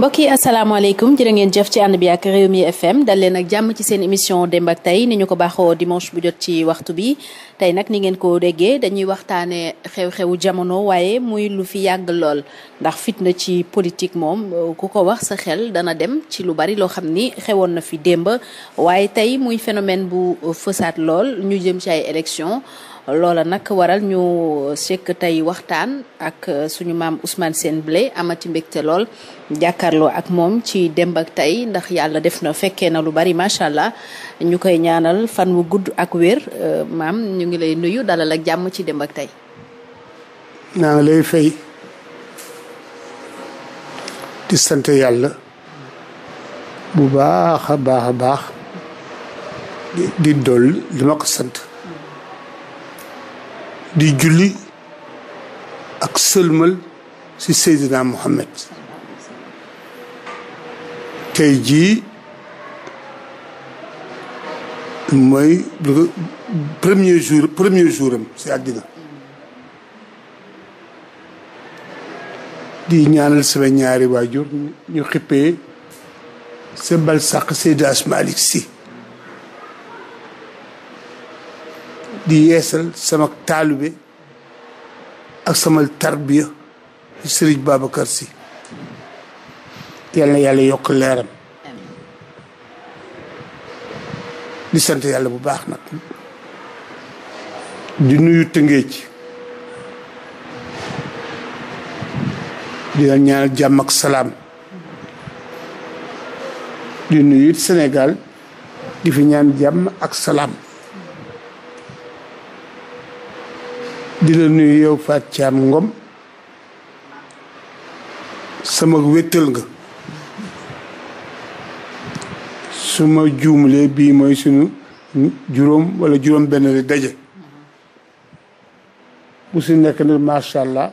mbokk yi asalaamaaleykum jëra ngeen jëf ci ànd bi ak réew mi FM dal leen ak jàmm ci seen émission démb ak tey ni ñu ko baaxoo dimanche bu jot ci waxtu bi tey nag ni ngeen ko déggee dañuy waxtaanee xew-xewu jamono waaye muy lu fi yàgg lool ndax fitna ci politique moom ku ko wax sa xel dana dem ci lu bari loo xam ni xewoon na fi démb waaye tey muy phénomène bu fësaat lool ñu jëm ci ay élection loola nag waral ñu sekk tey waxtaan ak euh, suñu maam Ousmane Sène Blay amati mbégte lool jàkkaarloo ak moom ci démb ak tey ndax yàlla def na fekkee na lu bari macha allah ñu koy ñaanal fan wu gudd ak wér euh, maam ñu ngi lay nuyu dalal ak jàmm ci démb ak tey. naa ngi lay fay di sant yàlla bu baax a baax a baax di dool li ko sant. di julli ak sëlmal ci Seydina Muhammad tey jii mooy premier jour premier jour am ci àddina di ñaanal sama ñaari waajur ñu xippee sa bal sàq Seydi Si di yeesal sama taalibe ak sama tarbiya sëriñ Babacar Sy yàlla na yàlla yokk leeram di sant yàlla bu baax nag di nuyu tëngéej di leen ñaanal jàmm ak salaam di nuyu it Sénégal di fi ñaan jàmm ak salaam di la nuyu yow Fatou Thiam Ngom sama wéttal nga su ma juumlee bii mooy suñu juróom wala juróom benn di daje bu si nekk nag macha allah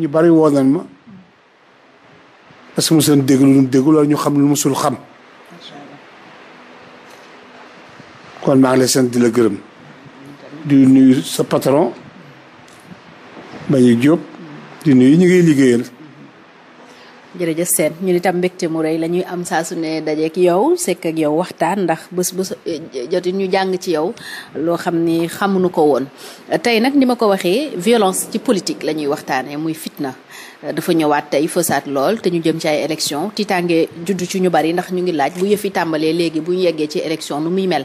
ñu bari woo nañ ma parce que seen dégg lu ñu dégg loolu ñu xam lu musul xam kon maa ngi lay seen di la gërëm di nuyu sa patron Mbaye Diop di nuyu ñu ngi liggéeyal. jërëjëf seen ñun itam mbégte mu rëy la ñuy am saasu ne dajeek yow sekk ak yow waxtaan ndax bés bés eh, joti ñu jàng ci yow loo xam ni xamuñu ko woon. tey nag ni ma ko waxee violence ci politique la ñuy waxtaanee muy fitna dafa ñëwaat tey fësaat lool te ñu jëm ci ay élection tiitaange juddu ci ñu bari ndax ñu ngi laaj bu yëf tàmbalee léegi bu yeggee ci élection nu muy mel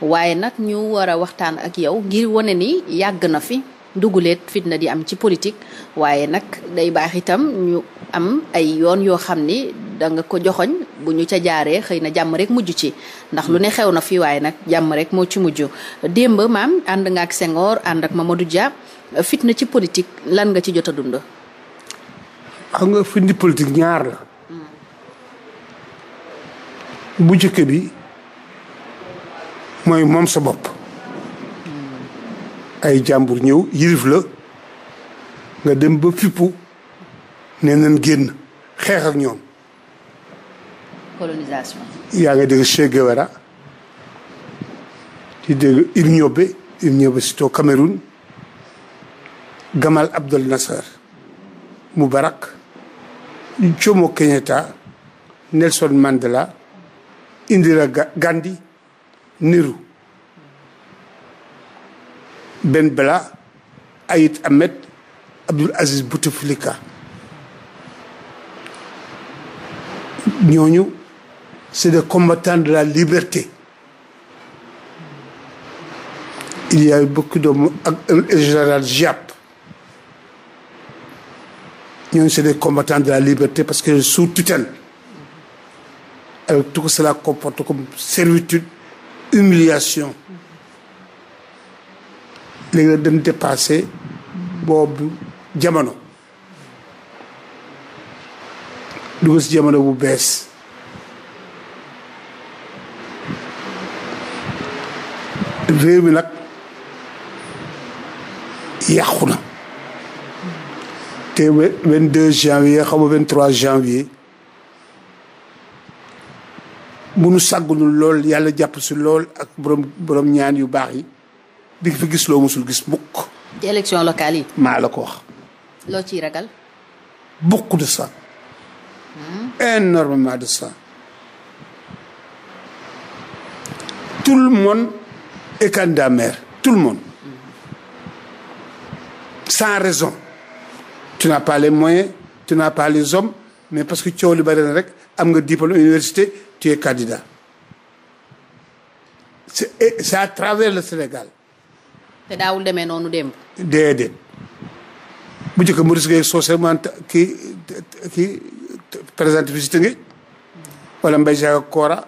waaye nag ñu war a waxtaan ak yow ngir wane ni yàgg na fi. duguleet fitna di am ci politik waaye nag day baax itam ñu am ay yoon yoo xam ni danga ko joxoñ bu ñu ca jaaree xëy na jàmm rek mujj ci ndax lu ne xew na fii waaye nag jàmm rek moo ci mujj démb maam ànd nga ak Senghor ànd ak Mamadou Dia fitna ci politik lan nga ci jot a dund. xam nga fitna politique ñaar la. bu njëkk bi mooy moom sa bopp. ay jàmbur ñëw yilif nga dem ba fippu ne nañ génn xeex ak ñoom. yaa nga dégg Che Guevara di dégg Ibn Yobe Ibn Yobe surtout Cameroun Gamal Abdel Nasser Moubarak Jomo Kenyatta Nelson Mandela Indira Gandhi Nehru Ben Bella Ayit Ahmed Abdul Aziz Bouteflika c'est des combattants de la liberté il y a eu beaucoup d'hommes ak euh, général Giap ñooñu c'est des combattants de la liberté parce que sous tutelle alors tout cela comporte comme servitude humiliation léegi nag dañ dépassé boobu jamono dugal si jamono bu bees réew mi nag yàqu na te vingt deux janvier xaw ma vingt trois janvier bu nu lool yàlla jàpp si lool ak borom ñaan yu baax yi di fi gis loo musul gis mukk ci élection maa la ko wax. loo ciy ragal. beaucoup de ça. énormément de ça. tout le monde est candidat maire tout le monde. sans raison. tu n'as pas les moyens tu n'as pas les mais parce que coow li bari na rek am nga diplôme université tu es candidat. c'est à travers le Sénégal. te daawul demee noonu démb. déedéet bu njëkk mu risqué socialement kii kii présenté bi si wala Mbaye Jacques ak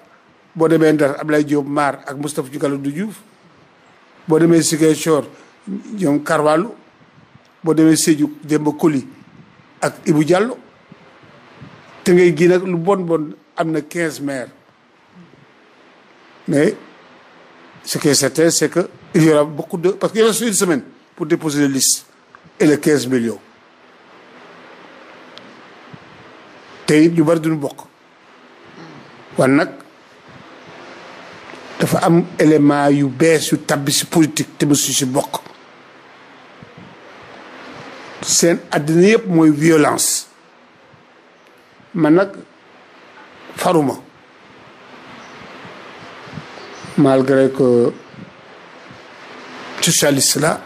boo demee Ndar Ablaye Diop Mar ak Moustapha du Diouf boo demee Ziguinchor ñoom Carvalho boo demee Sédhiou Demba Koli ak Ibou Diallo Tëngéej gi nag lu bon bon am na quinze maires mais ce qui certain c'est que. il y aura beaucoup de parce qu'il reste semaine pour déposer les listes et quinze millions te it ñu bari duñu bokk wan nag dafa am élément yu bees yu tabbi si politique te mosu si bokk seen àddina yëpp mooy violence man nag faruma malgré que socialiste la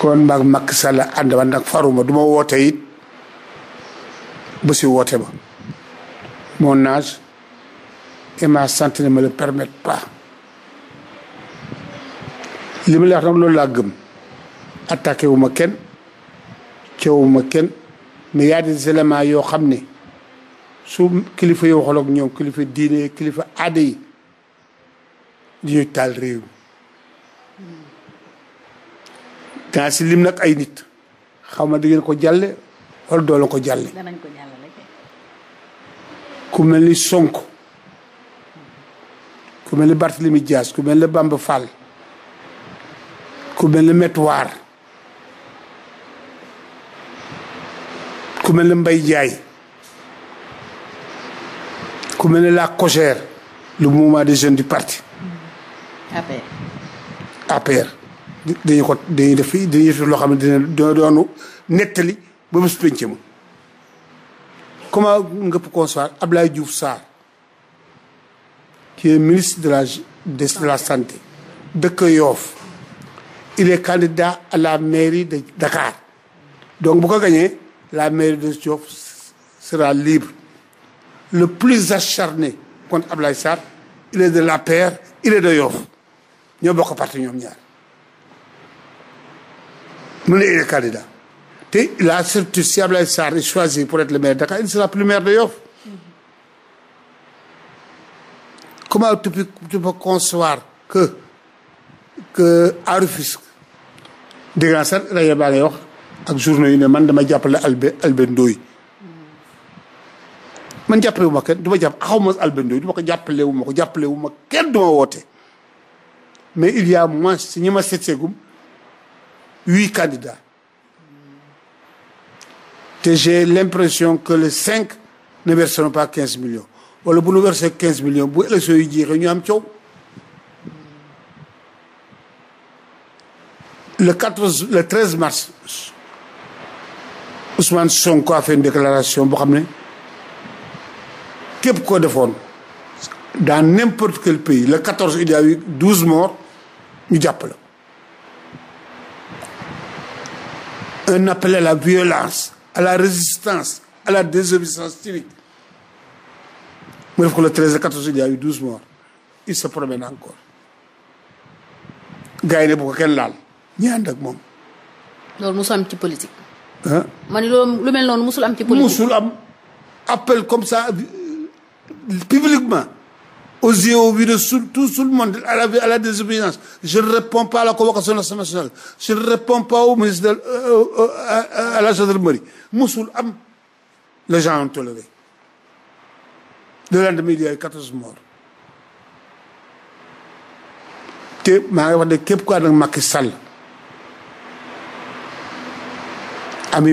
kon maag Macky Sall ànd faruma duma woote it ba woote ma mon âge et ma santé ne me le permettent pas li ma loolu laa gëm attaqué wu ma kenn coowu kenn mais y a yoo xam ne su kilifa yi waxal ak ñoom kilifa diine kilifa aada yi ñuy taal réew mi si lim nag ay nit xaw ma di ngeen ko jàlle wala doo ko jàlle ku mel ni Sonko ku mel ni Barthélemy Dias ku mel ni Bamba Fall ku mel ni Maître ku mel ni mbay jaay ku mel ni la COJER le mouvement de jeune de parti APR. APR dañu ko dañuy def fii loo xam ne dina doonu nettali ba bés pénc ma comment nga peut concevoir Abdoulaye Diouf Sarr qui ministre de la de la santé dëkk Yoff il est candidat à la mairie de Dakar donc bu ko gañee la mairie de Yoff sera libre le plus acharné contre Abdoulaye Sarr il est de l'APR il est de Yoff ñoo bokk parti ñoom ñaar mu ne il est te la certitude si Ablaye Sarr est choisi pour être le maire de Dakar il sera plus maire de Yoff comment tu peux tu peux concevoir que que à Rufisque dégg naa sax baa ngay wax ak journée yu ne man dama jàppale Albé Albé Ndoye man jàppale wu kenn du ma jàpp xaw ma Albé Ndoye du ma ko jàppale ma ko jàppale kenn du ma woote mais il y a moins si ñi ma setseegum huit candidats te j'ai l'impression que les cinq ne verseront pas quinze millions wala bu nu verser quinze millions bu élection yi jeexee ñu am coow le 14 le 13 mars Ousmane Sonko a fait une déclaration boo xam ne képp koo defoon dans n'importe quel pays le 14 il y a eu 12 morts ñu jàpp la un la violence à la résistance à la désobéissance civique mu def ko le 13 le 14 il y a eu 12 morts il se promène encore gars ne bu kenn laal ñi ànd ak moom. loolu musul am ci politique. ah man loolu lu mel noonu musul am ci politique. musul am appel comme ça publiquement aux yeux au vu de tout tout le monde à la à la désobéissance je ne réponds pas à la convocation nationale je ne réponds pas au ministre de euh, euh, euh, à la gendarmerie musul am les gens ont le lendemain il y a eu 14 morts te maa ngi wax ne képp ku ànd ak Macky Sall ami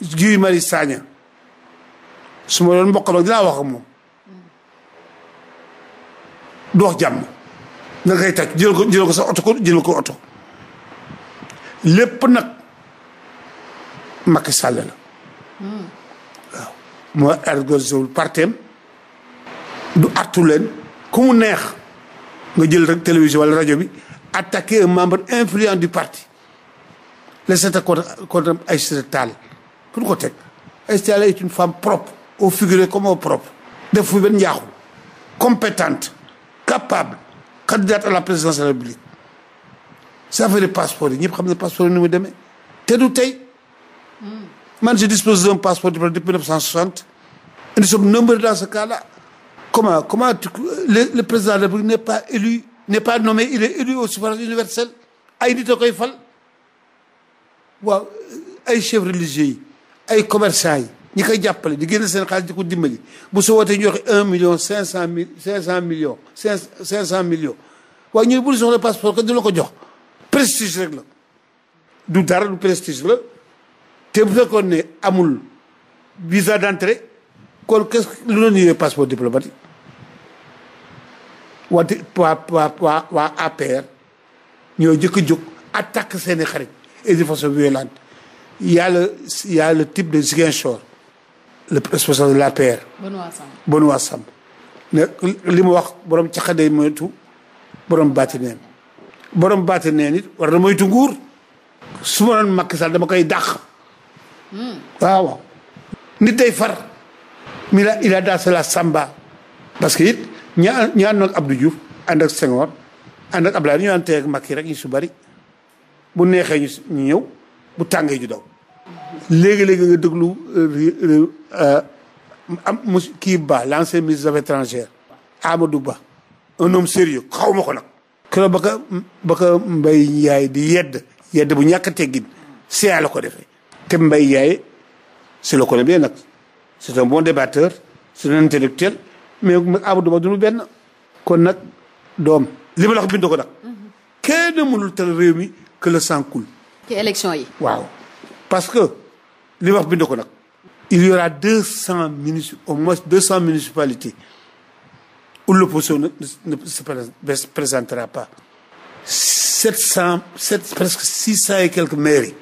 Guy Marius Sagna su ma doon mbokkam ak dinaa wax moom dox jàmm nga koy tàcc jël ko jël sa oto ko jël ko oto lépp nag Macky Sall la waaw moo ergosewul parteem du artu kumu neex nga jël rek télévision wala rajo bi attaquer un membre influent du parti la seta contre contre Aïssata Tall fu ñu ko teg Aïssata est une femme propre au figuré comme au propre def fu benn njaaxu compétente capable candidate à la présidence de la République sa affaire passeport yi ñëpp xam ne passeport yi ni mu demee te du tey hmm. man je dispose d'un passeport diplomate depuis 1960 et nous sommes nombreux dans ce cas-là comment comment tu, le, le président de la République n'est pas nommé il est élu au suffrage universel ay nit a koy fal waaw ay chefs religieux ay commerçant yi ñi koy jàppale di génn seen xaalis di ko dimbali bu soo wootee ñu joxe un million cinq cent mille cinq cent millions cinq cinq cent millions waaye ñu bu soxla passeport que du la ko jox prestige rek la du dara du prestige la te bu fekkoon ne amul visa d'entrée kon qu'est-ce que lu la ñuy passeport diplomatique wante waa waa waa waa APR ñoo jëkk a jóg attaque seeni xarit et de façon violente il y a le il y a le type de Ziguinchor le responsable de l'APR. Benoît li mu wax borom caxa day moytu borom baati neen borom baati neen it war na moytu nguur. su ma doon Macky dama koy dàq. Hmm. waaw waaw. nit day far. mi la il a dansé la samba. parce que it ña ña àndoon ak Abdou Diouf ànd ak Senghor ànd ak ñu ànd ak rek ñu su bari bu neexee ñu ñëw. bu tàngee ju daw léegi-léegi nga déglu euh, euh, euh, am mu kii baax l'ancien ministre des affaires étrangères Amadou Ba un homme sérieux xaw ma ko nag keroog ba ka ba ka di yedd yedd bu ñàkk teggin CA la ko defee te Mbaye Ndiaye si la ko ne bien nag c'est un bon débatteur c'est un intellectuel mais Amadou Ba du nu benn kon nag doom li ma la wax bind ko nag mm-hmm. kenn mënul tal réew mi que le ci élection yi. waaw parce que li wax bind ko nag. il y aura deux cent munici au moins deux cent municipalités où l'opposition ne ne se présentera pas. sept cent sept presque six cent et quelques mairies.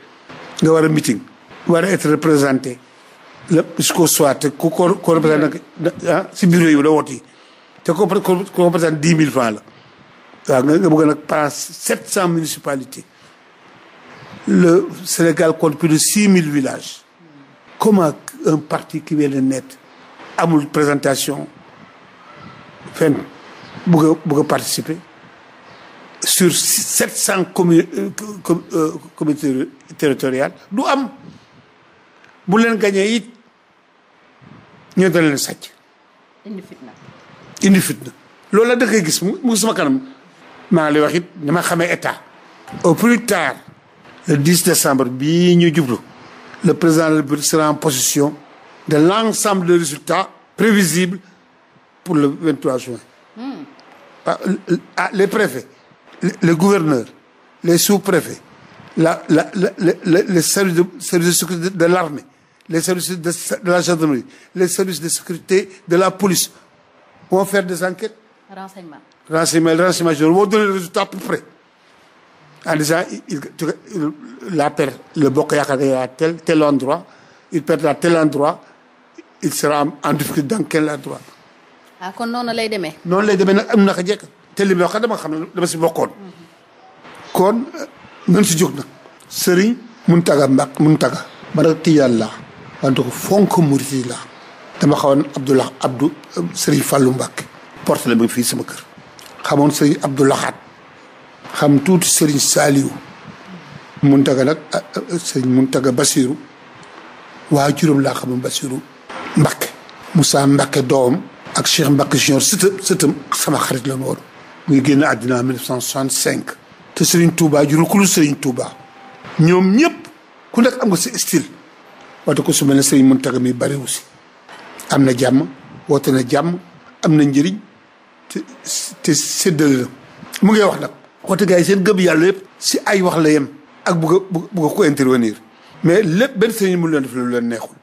nga war a meeting. war a être représenté. la su ko soit ku ko ko ah, si bureau yi la woot yi te ko ko représenté dix mille francs la. waaw nga bëgg nag par sept cent municipalités. le Sénégal compte plus de mille villages comment un parti qui vient de amul présentation fenn bëgg a participer sur sept cent communes euh, euh, communautés territoriales du am bu leen gañee it ñoo da leen sàcc indi fitna indi fitna loolu la da gis mu kanam maa ngi lay wax it ma xame état au plus tard le 10 décembre bii ñu jublu le président de la République sera en possession de l'ensemble des résultats prévisibles pour le 23 juin hmm. ah, ah les préfets les gouverneurs les sous-préfets la la la la les services de services de sécurité de l'armée les services de la les services de sécurité de la police vont faire des enquêtes. renseignement renseignement renseignement généraux vont donner les résultats à peu près. en ah, disant il, il, la perd, le Bokk Yaakaar est à tel, tel endroit, il perdra tel endroit, il sera en difficulté dans quel endroit. ah kon noonu lay demee. noonu lay demee nag am na ko jekk te li ma wax dama xam ne dama si bokkoon. Mhm. kon nan euh, si jóg nag. sëriñ Muntaga Mbàkke Muntaga. man nag Tijaan laa. wante ko fonk murid laa. dama xawoon Abdoulah Abdou euh, Sëriñ Fàllu Mbàkke porte la ma fii sama kër. xamoon Sëriñ Abdou Lahat xam tuuti sëriñ mun muntaga nag ah, ah, sëriñ muntaga basiru waa juróom laa xamam basiru mbakke Moussa mbakke doom ak Cheikh Mbakke junior sëtëm sëtëm sama xarit la mu ngi génn àddina en 1965 te sëriñ Touba jurul ku lu sëriñ Touba ñoom ñëpp ku nekk am nga sa style wate ko su mel ne mun muntaga mi bariwu aussi am na jàmm woote na jàmm am na njëriñ te te séddale la mu ngi wax nag waxtu gars yi seen gëm yàlla yëpp si ay wax la yem ak bugg a bugg ko intervenir mais lépp benn sëriñ mu leen def lu leen neexul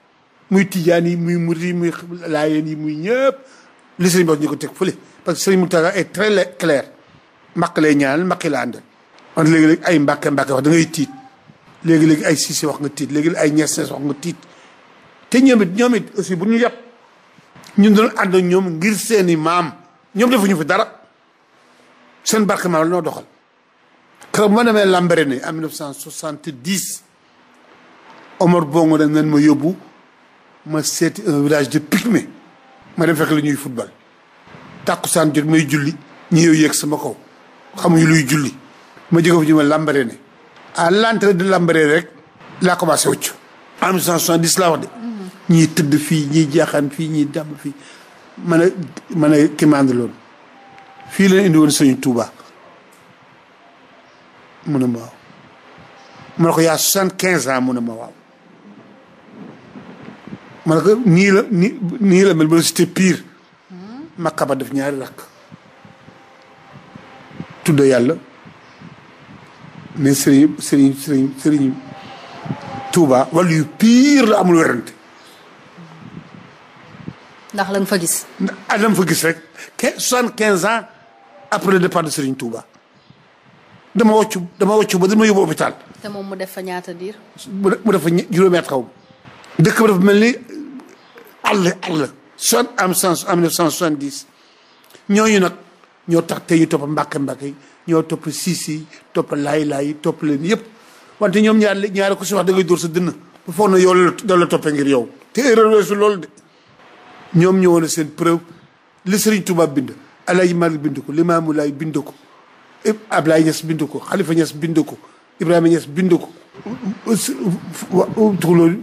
muy tijaan yi muy murit yi muy laayeen yi muy ñëpp li sëriñ bi ñu ko teg fule parce que sëriñ Mountakha est très clair mbàq lay ñaanal mbàq la àndal wante léegi-léegi ay mbàkke mbàkke wax da ngay tiit léegi-léegi ay Cissé wax nga tiit léegi ay Niass wax nga tiit te ñoom it ñoom it aussi bu ñu yàpp ñun doon ànd ak ñoom ngir seeni maam ñoom defuñu fi dara seen barke maam la noo doxal keroog ma demee Lambaréné en 1970 Omar Bongo dañ leen ma yóbbu ma seeti un village de Pygmée ma dem fekk la ñuy football tàkkusaan jot may julli ñu yow yéeg sama kaw xamuñu luy julli ma jóge fu ñu ma Lambaréné à l'entrée de Lambaréné rek laa commencé wëcc en 1970 laa wax de mm-hmm. ñii tëdd fii ñii jaaxaan fii ñii dàmb fii man a man a kimaande loolu fii la indi woon sëriñ Touba mu ne ma waaw ma ne ko yaa soixante quinze ans mu ne ma waaw ma ne ko nii la nii mel ma ne c'était ma kaba def ñaari rakk tudd yàlla ne sëriñ sëriñ sëriñ sëriñ Touba yu pire la amul werante ndax la fa gis. ndax fa gis rek soixante quinze ans. après le départ de Serigne Touba dama wàccu dama wàccu ba dama yóbbu hôpital. te moom mu def fa ñaata diir. mu def mu def fa dëkk bi dafa mel ni àll àll. soit am cent am neuf cent soixante dix ñooñu nag ñoo tax tey ñu topp mbàkk mbàkk yi ñoo topp siis yi topp laay laay topp leen yëpp wante ñoom ñaar ñaar ko si wax da ngay sa dënn. bu na yow la la toppee ngir yow. te ñoom ñëwoon na seen preuve li Serigne Touba bind. Alaaji Maalik bind ko Limaamu lay bind ko Ablaay Ñas bind ko Xalifa Ñas bind ko Ibrahima Ñas bind ko tuxuloo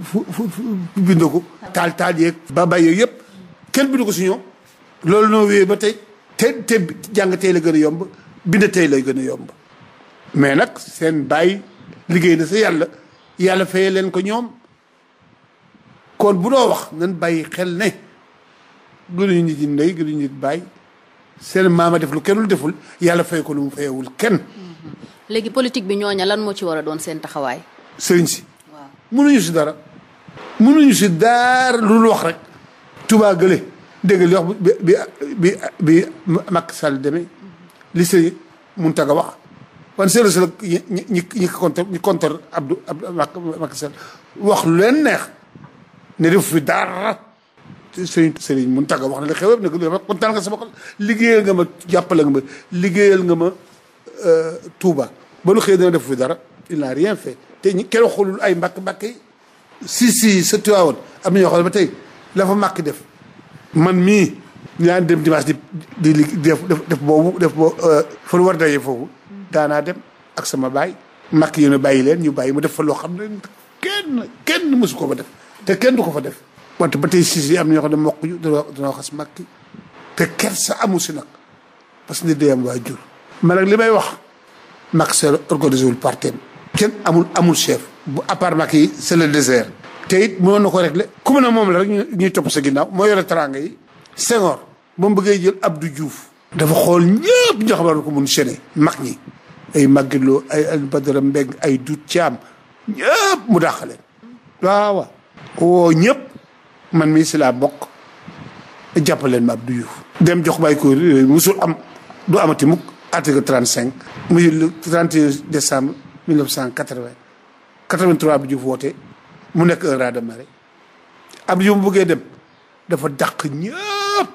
bind ko taal taal yeeg baabay yooyu yëpp kenn bind ko si ñoom loolu noo wéyee ba tey te te jàng tey la gën a yomb bind tey lay gën a yomb mais nag seen baay liggéey na sa yàlla yàlla fayee leen ko ñoom kon bu doo wax nan bàyyi xel ne gënuñu nit ñi ndey gënuñu nit bàyyi seen maama def lu kenn lu deful yàlla fay ko lu mu fayewul kenn. Mm-hmm. léegi politique bi ñooña lan moo ci war a doon seen taxawaay. sëriñ si. waaw mënuñu si dara. mënuñu si dara lu wax rek. Touba Gële dégg li wax bi bi bi bi Macky Sall demee mm-hmm. li sëriñ Mountaga wax wan seetlu si la ñi ñi ñi contre ab contre Abdou Abdou Macky Sall wax lu leen neex ne def fi dara. sëriñ mun Mountakha wax na la xew yëpp ne ko dafa kontaan nga sama xol ma jàppale nga ma liggéeyal nga ma euh, Touba ba nu xëyee dina def fi dara il n'a rien fait te ñu kenn xulul ay mbàkk-mbàkk si si sa Tiwaawoon am ñoo xam ne ba tey la fa màkk def man mii ñaan dem dimanche di di def def boobu def boobu euh, fa nu war daje foofu daanaa dem ak sama baay màkk yi ñu bàyyi leen ñu bàyyi mu def fa loo xam ne kenn kenn mësu ko fa def te kenn du ko fa def wante ba tey siis yi am na ñoo xam ne mokk ñu danoo danoo xas màkki te kersa amul si nag parce que nit day am waa jur ma nag li may wax Macky Sall organisé wul partem kenn amul amul chef bu à part Macky yi c'est désert te it mënoon na ko réglé ku mu moom la rek ñuy topp sa ginnaaw moo yore teraanga yi Senghor ba mu bëggee jël Abdou juuf dafa xool ñëpp ñoo xam ne ko mun chene mag ñi ay màggiloo ay ay Badara Mbeng ay Dut Caam ñëpp mu dàqale waaw waaw woo ñëpp man mii si laa bokk jàppaleen ma Abdou Diouf dem jox bàyyi ko musul am du amati mukk article 35 muy le 31 décembre 1980 83 Abdou Diouf woote mu nekk un raz-de-marée Abdou Diouf mu bëggee dem dafa dàq ñëpp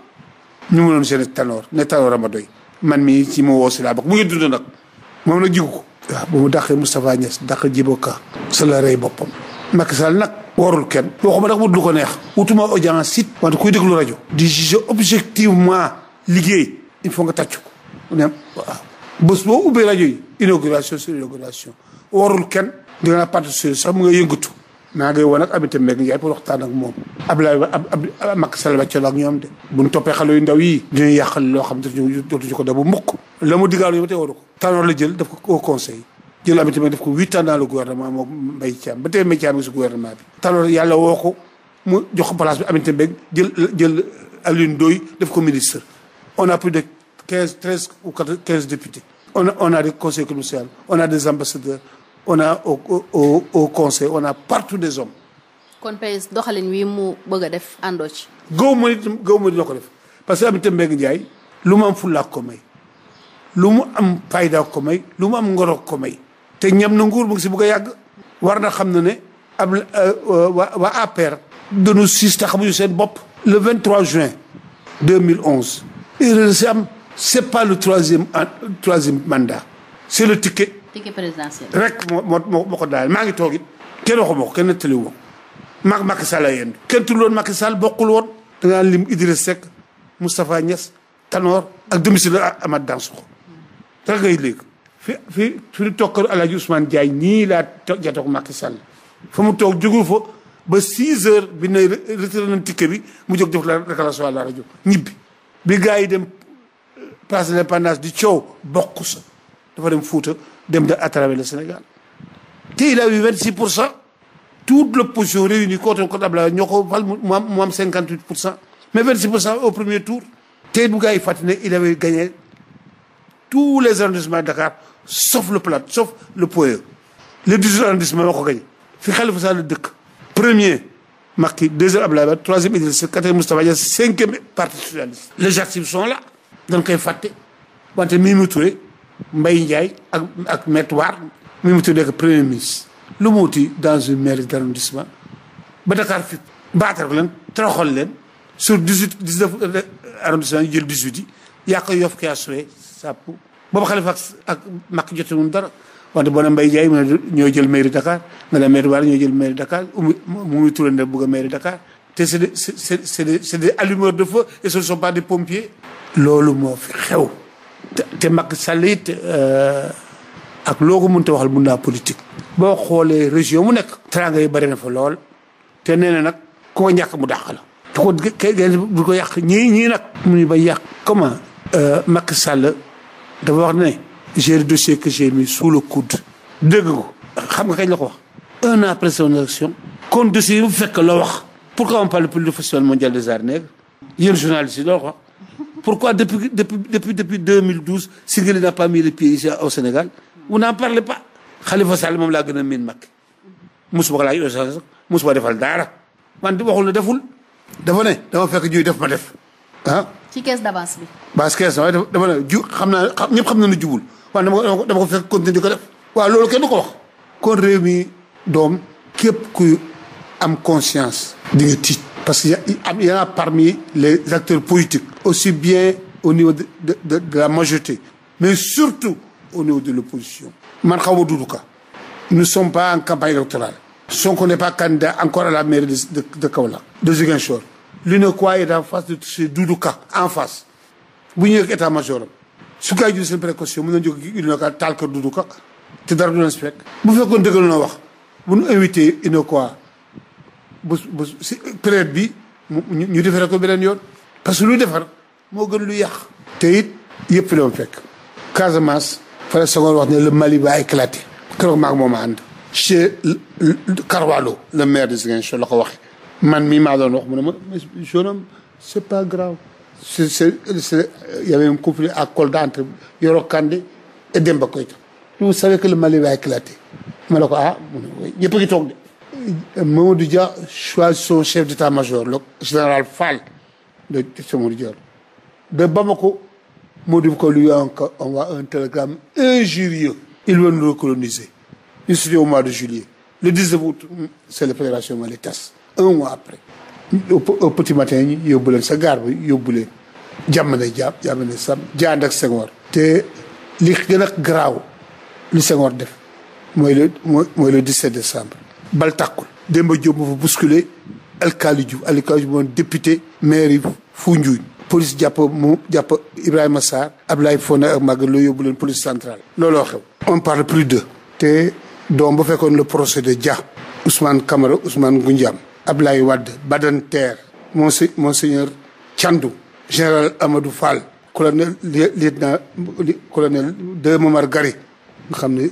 ñu mënoon seen tanoor ne tanoor a doy man mii ci ma woo si laa bokk mu ngi dund nag moom nag jigu ko waaw bu mu dàqee Moustapha Niass dàq Djibo sa la rey boppam Macky Sall nag warul kenn waxuma nag wut lu ko neex wutuma audience it wante kuy déglu rajo di juger objectivement liggéey il faut nga tàcc ko nem waaw bés boo ubbee rajo yi inauguration sur inauguration warul kenn di nga naa parti sax mu nga yëngatu maa ngi woon ak Aminata Mbengue Ndiaye pour waxtaan ak moom Abdoulaye ab Macky Sall wàccoon ak ñoom de bu ñu toppee xale yu ndaw yi dinañ yàqal loo xam ne dootuñu ko dabu mukk la mu digaalu yi ba tey waru ko tanoor la jël daf ko conseil jël am itamit def ko huit ans dans le gouvernement moom Mbaye Thiam ba tey Mbaye Thiam si gouvernement woo ko mu jox ko place bi Aminata jël jël Alioune def ko ministre. on a de quinze treize ou quinze députés. on a on a des conseils commerciaux on a a au au conseil on a partout des hommes. kon PS doxalin wi mu bëgg a def àndoo ci. gaw ma nit gaw ma dina ko def parce que Aminata Mbengue Ndiaye lu mu am fulla ko may lu mu am fayda may lu mu am ngoro ko may. te ñam na nguur mu ngi si bëgg a yàgg. war na xam na ne ab euh, euh, waa waa APR. siis te xamuñu seen bopp. le 23 juin 2011. erreur si am c' est pas le troisième euh, troisième mandat. c' est le ticket. ticket rek moo moo ko daal maa ngi toog it. kenn waxuma ko kenn nettali woo. mag Macky Sall a yendu. kenn tudd woon Macky Sall bokkul woon. da ngaa lim Idriss Seck Moustapha Niass Tanor ak domicile Amath Dansokho dara ngay léegi. fi fi fi ñu toog kër El Hadj Ousmane nii laa jatoog Macky Sall fa mu toog jógu fa ba 6 heures bi ne retiré nañ ticket bi mu jóg def la déclaration à la ñibbi bi gars dem euh, place de l'indépendance di coow bokk sa dafa dem Fouta dem da à travers Sénégal te il a eu 26 pour cent tout l'opposition réunie kootoon ko Abdoulaye ñoo ko fal mu am mu am pour cent mais 26 pour cent au premier tour. tey bu gars yi fàttali tous les arrondissements de sauf le plat sauf le POE. le 18 arrondissement moo ko gañ fi Khalifa Sall dëkk. premier Macky deuxième Abdoulaye Wade troisième Idrissa Seck quatrième Moustapha Niasse cinquième parti socialiste. les actifs sont là. dañ koy fatte wante Mimi Touré Mbaye Ndiaye ak ak Maître Wade. Mimi Touré nekk premier ministre. lu mu wuti dans une mairie d' arrondissement ba Dakar fi baatar leen toroxal leen sur 18 19 euh, arrondissement yi jël 18 yi yaa koy yof ki assuré sàpp boobu Khalifa ak Macky jotewuñ dara wante boo ne Mbaye Ndiaye mu ñoo jël mairie Dakar nga ne maire Wala ñoo jël mairie Dakar mu muy turande bëgg a mairie Dakar te c'est des c'est c'est des c'est des allumeurs de feu et ce ne sont pas des pompiers. loolu moo fi xew. te te Macky Sall it euh, ak loo ko mënta waxal mun naa politique. boo xoolee région mu nekk. teranga yi bari na fa lool te nee na nag ku ko ñàkk mu dàq la. te ko kay bu ko yàq ñii ñii nag. mu ngi ba yàq comment. Euh, makk Sall. dafa wax ne j'ai le dossier que j'ai mis sous le coude dégg ko xam nga kañ la ko wax un an son élection kon dossier bu fekk la wax pourquoi on parle plus du festival mondial des arts nègres yéen journalistes yi loo ko wax ah. pourquoi depuis depuis depuis depuis 2012 Singeli n'a pas mis les pieds au Sénégal vous n'en parlez pas Khalifa Sall moom laa gën a min Macky mosuma ko laaj defal daara man di waxul ne deful dafa ne dama fekk ñuy def ma def ah ci caisse d'avance bi. waaw si caisse d'avance dama xam ñëpp xam nañu jubul waaye dama ko dama ko fekk continuer di ko def. waaw loolu kenn ko wax. kon réew doom képp kuy am conscience. di nga parce que am y parmi les acteurs politiques. aussi bien au niveau de de de, de la majorité. mais surtout au niveau de l'opposition man xaw ma Doudou Ka nous ne sommes pas en campagne électorale. Sonko n'est pas candidat encore à la mairie de de de Kaolack l'UNECOA est en face de chez Doudou Ka en face bu ñëwee ak état major su kaay jël seen précaution mën na jóg UNECOA taal ko Doudou Ka te dara du leen fekk bu fekkoon dëgg la wax bu nu invité UNECOA bu bu si période bi ñu ñu defaree ko beneen yoon parce que luy defar moo gën lu yàq. te it yëpp la fekk. Casamance. fële Senghor wax ne le Mali va éclater. keroog maag moom a ànd. chez Carvalho le maire de Ziguinchor la ko waxee. man mii maa doon wax mu ne ma jeune homme c' est pas grave c' est c' est y avait un conflit à Kolda entre Yoro Kandé et Demba Koïta. vous savez que le Mali va éclater ma ne ah ñëpp a ngi chef d' major le général Fall de Samourou Dior de Bamako Modou ko lui envoie télégramme injurieux. il veut nous recoloniser. il au mois de juillet le 19 août c'est la fédération Mali tas. un mois après au petit matin ñi sa gaar ba yóbbu leen jàmm ne jàpp jàmm ne sam ak Senghor te li gën a garaaw li Senghor def mooy le mooy le 17 décembre bal tàkkul Demba Diop moo fa bousculé Alkali Diouf Alkali Diouf moom député maire yi Foundiougne police jàpp mu jàpp Ibrahima ab Ablaye Fone ak Maguette Lo yóbbu leen police centrale looloo xew on parle plus de te doom ba fekkoon le procès de Dia Ousmane Camara Ousmane Goundiam Ablaye Wade Badantère monsi monseigneur Thiandou général Amadou Fall colonel lieutenant colonel de Momar Gari nga xam ne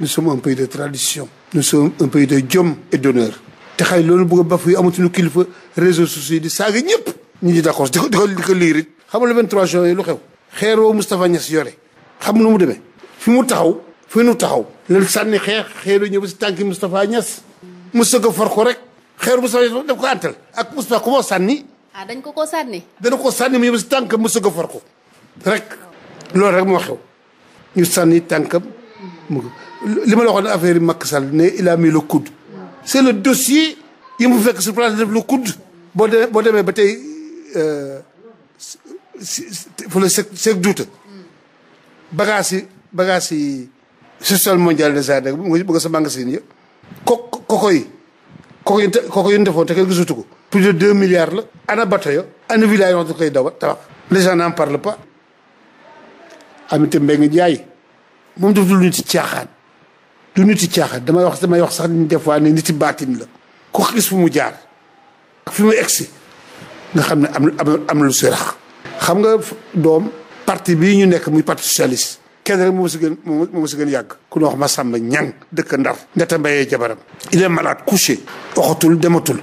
nous sommes un pays de tradition nous sommes un pays de jom et d'honneur te xay loolu bëgg a baf yi amatuñu kilifa réseaux sociaux di saaga ñëpp ñu ngi d'accord di ko di ko liir it xam nga le 23 juin lu xew xeeroo Moustapha Niass yore xam nu mu demee fi mu taxaw fi nu taxaw leen sànni xeex xeeroo ñëw ba si tànki Moustapha Niass Moustapha far ko rek xeer bu Moussa Niass daf ko àttal ak Moussa ku moo sànni. ah dañ ko koo sànni. dana koo sànni mu yem si tànkam mu sëgg a for ko rek loolu rek moo xew ñu sànni tànkam mu li ma la waxoon affaire yi Macky sal ne il a mis le coude. c' est dossier yi mu fekk sur place def le coude. boo demee boo demee ba tey fa la Cheikh Cheikh Douta bagages yi bagages yi. social mondial des années mu nga sa magasin ya ko koko yi. kooku yéen kooku yéen defoon te kenn gisatu ko plus de deux milliards la ana bato ya ana village yoo koy dawa tabax les par n'en parlent pas Aminata Mbengue Ndiaye moom daf dul nit ci caaxaan du nit ci caaxaan damay wax damay wax sax ni des ne nit ci baatin la ku gis fu mu jaar ak fi mu egsi nga xam ne am am lu si xam nga doom parti bii ñu nekk muy parti socialiste kenn rek moo si gën moo si gën yàgg ku ñu wax Massamba Ñang dëkk Ndar ndeta mbayee jabaram il est malade couché waxatul dematul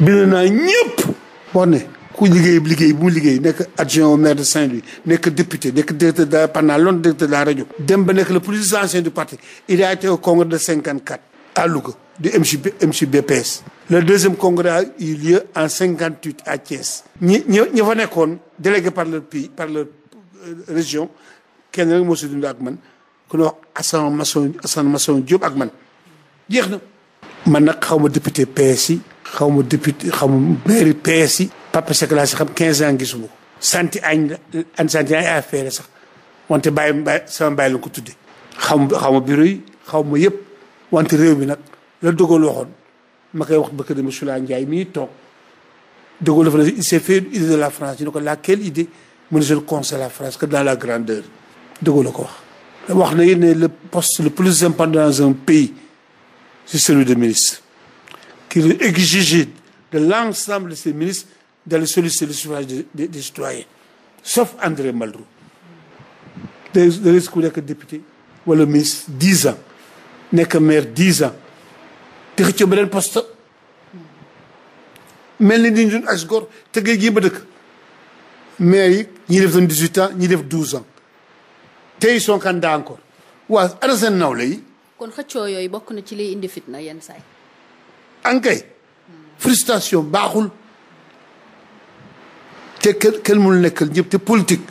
bind naa ñëpp wax ne ku liggéey liggéey bu mu liggéey nekk adjoint au maire de Saint-Louis nekk député nekk directeur de pendant longtemps directeur de la rajo dem ba nekk le plus ancien du parti il a été au congrès de 54 à Louga du MJB MJBPS le deuxième congrès a eu lieu en 58 à Thiès ñi ñi ñi fa nekkoon délégué par leur pays par leur euh, région kenn rek moo si dund ak man ku no Assane Masson Assane ak man jeex na. man nag xaw ma député PS yi. xaw ma député xaw ma mairie PS yi. Papa Seck xam 15 ans gisuma ko. santi añ la santi añ affaire la sax wante bàyyi bàyyi sama bàyyi la ko tuddee. xaw ma xaw ma bureau yi xaw ma yëpp wante réew mi nag la dogal waxoon ma koy wax ba kër Moussoula Ndiaye mi ngi toog dogal dafa ne il s'est fait une idée de la France ñu ne ko laquelle idée mu ne je ne la France que dans la grandeur. de Gaulle la ko wax wax na yéen ne le poste le plus important dans un pays c'est celui de ministre qui exige de l'ensemble de ses ministres d'aller solliciter le suffrage des, des, des citoyens sauf André Malraux da risque ku nekk député wala ministre dix ans nekk maire dix ans te xëccoo beneen poste mel ni ni ñun as te géej gii ba dëkk maire yi ñii def nañ dix huit ans ñii def douze ans tey son candidat encore waa ana seen nawle yi. kon xëccoo yooyu bokk na ci liy indi fitna yenn saay. ankay frustration baaxul te kenn kenn mënul nekkal ñëpp te politique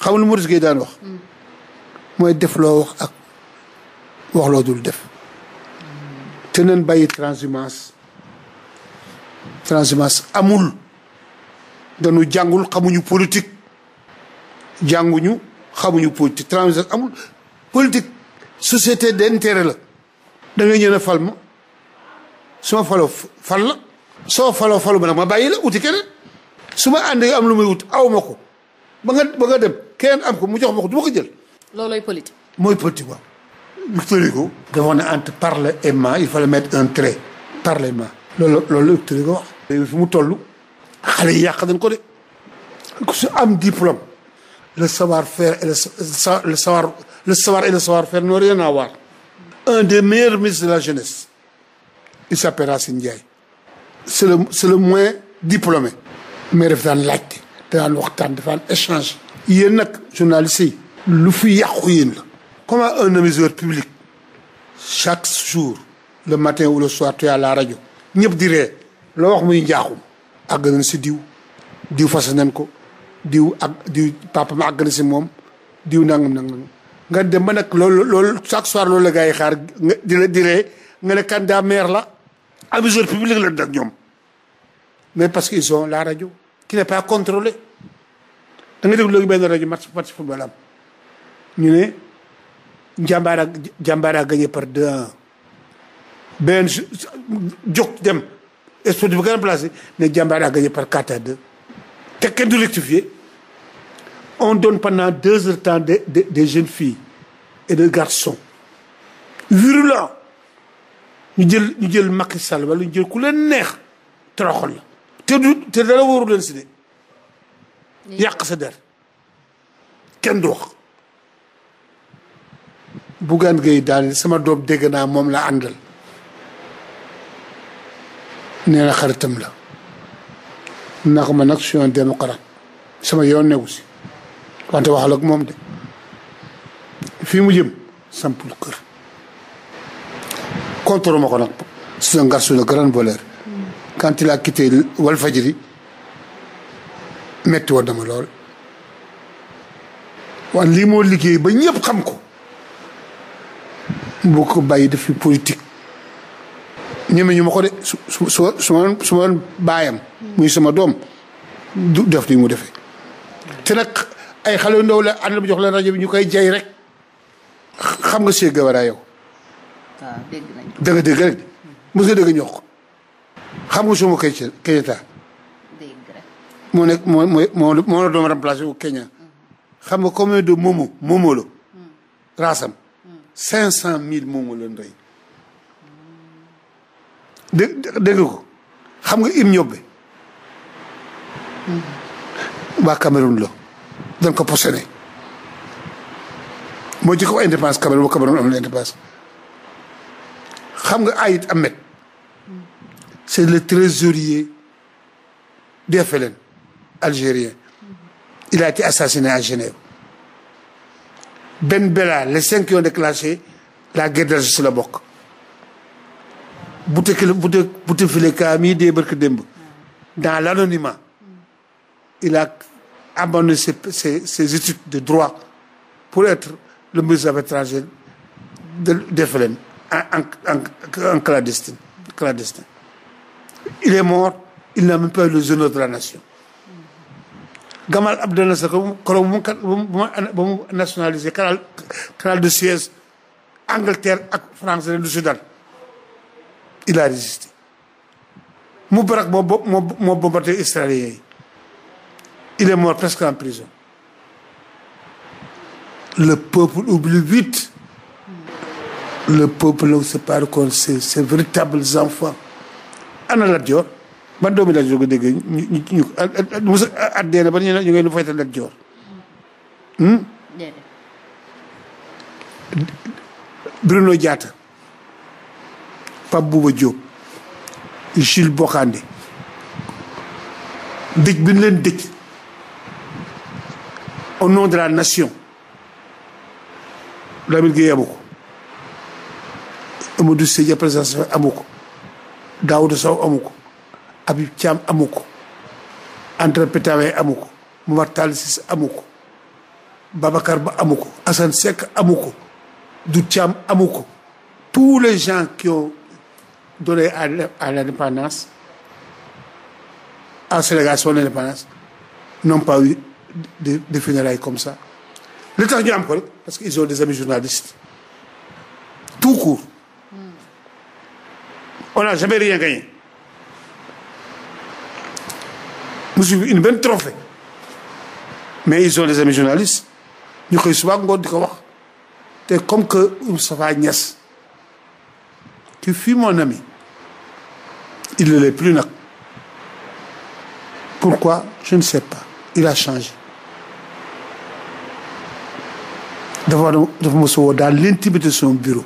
xam lu Maurice Guèye daan wax. Mm. mooy def loo wax ak wax loo dul def. Mm. te nañ bàyyi transhumance transhumance amul dañu jàngul xamuñu politique jànguñu. xamuñu politique transversale amul politique société d'intérêt la da nga ñëw a fal su ma faloo fal la soo faloo falu ma nag ma bàyyi la uti keneen su ma àndee am lu muy wut aw ko ba nga ba nga dem keneen am ko mu jox ma ko du ma ko jël. loolooy politique. mooy politique waaw. Victorino. dafa ne entre parler et ma il fallait mettre un trait. parler ma. loolu loolu Victorino wax. fi mu toll xale yàq nañ ko de. ku si am diplôme. le savoir-faire et le le savoir le savoir et le a faire Un des meilleurs ministres de la jeunesse. Il s'appelle Racine Ndiaye. C'est le c'est le moins diplômé. mais daf daan laajte daan waxtaan dafaan échange. yéen nag journaliste yi. lu fi yàqu yéen la. comment un émissaire public chaque jour le matin ou le soir tu es la rajo ñëpp di loo wax muy njaaxum àgg nañ si diw diw fas nañ ko. diw ak diw papa ma àgg si moom diw nangam nangam nga dem ba nag lool lool chaque soir loolu la gars xaar nga di la di ree nga ne candidat maire la aviseur public la nag ñoom mais parce que ils ont la rajo ki n'est pas contrôlée da nga déglu léegi benn rajo match match football am ñu ne Jàmbaar ak Jàmbaar a gagné par deux un benn jóg dem sport bi gën ne Jàmbaar a gagné par quatre à deux te kenn du rectifier on donne pendant deux heures temps de, des jeunes filles et des garçons virulents ñu jël ñu jël Macky sal wala ñu jël ku leen neex toroxal la te du te dara wóoru si de yàq sa der kenn du wax Bougane Gueye daal sama doom dégg naa moom la àndal nee na xaritam la ndax ma nag je suis un démocrate sama yoon newu wante waxal moom de fii mu jëm sampul kër contre ma ko nag c'est un garçon de grande valeur quand il a quitté metti woon dama lool wan lii moo liggéey ba ñëpp xam ko boo ko bàyyi def fi politique ñeme ñu ma ko de su su su ma su baayam muy sama doom du def ni mu defee te nag ay xale yu ndaw la ànd bu jox leen rajo bi ñu koy jay rek xam nga Che Guevara yow. waaw dégg nañ ko. nga dégg rek xam nga suma Kay Keita. moo nekk moo mooy moo moo la doon wu Kenya. xam nga combien de momo momo la. Mm. raasam. Mm. cinq cent mille momo la rey. dé dégg ko xam nga im ñobbe waa Cameroun la dañ ko possédé moo jëkk ko indépendance Cameroun ba Cameroun am na indépendance xam nga Ayit Ahmed c'est le trésorier des FLN algérien il a été assassiné à Genève Ben Bella les cinq qui ont déclenché la guerre d'Algérie la bokk Bouteflika Bouteflika mii dee barki dans l'anonymat il a abandonné ses, ses ses études de droit pour être le ministre des Affaires étrangères de de FLN en en en clandestin clandestin il est mort il n'a même pas eu les honneurs de la nation. Gamal Abdel Nasser keroog mu ba mu de Suez Angleterre ak France du Soudan. il a résisté Moubarak moo bo moo moo bombardé israélien yi il est mort presque en prison le peuple oublie vite le peuple ne se parle contre ses ses véritables ana Lat Joor ban doomi Lat Joor a at dee na ba ñu ñu ngeen di faytal Lat hmm? Bruno Diatta Pape Bouba Diop Jules Bocandé dëj bi ñu leen dëj au nom de la nation Lamine Gueye amu ko Amadou Sédia Présence amu ko Daouda Sow amu ko Habib Thiam amu ko André Petawe amu ko Momar Tall Cissé amu ko Babacar Ba amu gens qui ont donné à l'indépendance, à Sénégal son indépendance, n'ont pas eu de, de funérailles comme ça. li tax ñu am ko parce que ils ont des tout court on n'a jamais rien gagné mosuñu une benn trophée mais ils ont des amis journalistes ñu koy mm. suba ngoon di ko wax te comme que Moustapha Niass qui fut mon ami Il ne l'est plus nag pourquoi je ne sais pas il a changé dafa dafa ma dans l'intimité bureau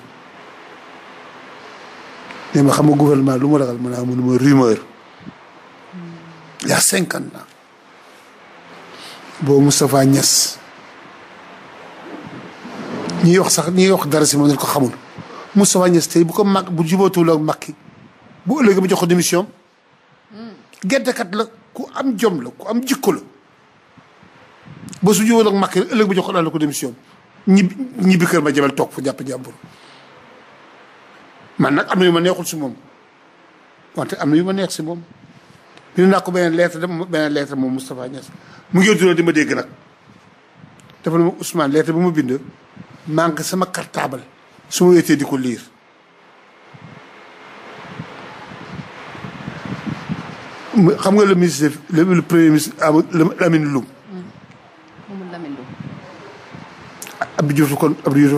ne ma xam nga gouvernement lu ma ragal ma naa mënuma rumeur il y a cinquante ans boobu Moustapha Niass ñiy wax sax ñiy wax dara si ma ne ko xamul Moustapha Niass bu ko mag bu jubootuwul bu ëllëgee ma jox ko démission geddekat la ku am jom la ku am jikko la ba su jiwoon ak Macky ëllëg ma jox ko daal la ko démission ñibbi ñibbi kër ma jabal toog fa jàpp jàmbur man nag am na yu ma neexul si moom wante am na yu ma neex si moom bind naa ko beneen lettre dama beneen lettre moom Moustapha Niass mu ngi dundal di ma dégg nag dafa ne ma Ousmane lettre bi ma bind manque sama cartable su ma wéetee di ko liir xam nga le ministre le premier ministre Lamine Loum. Mamadou Lamine Loum.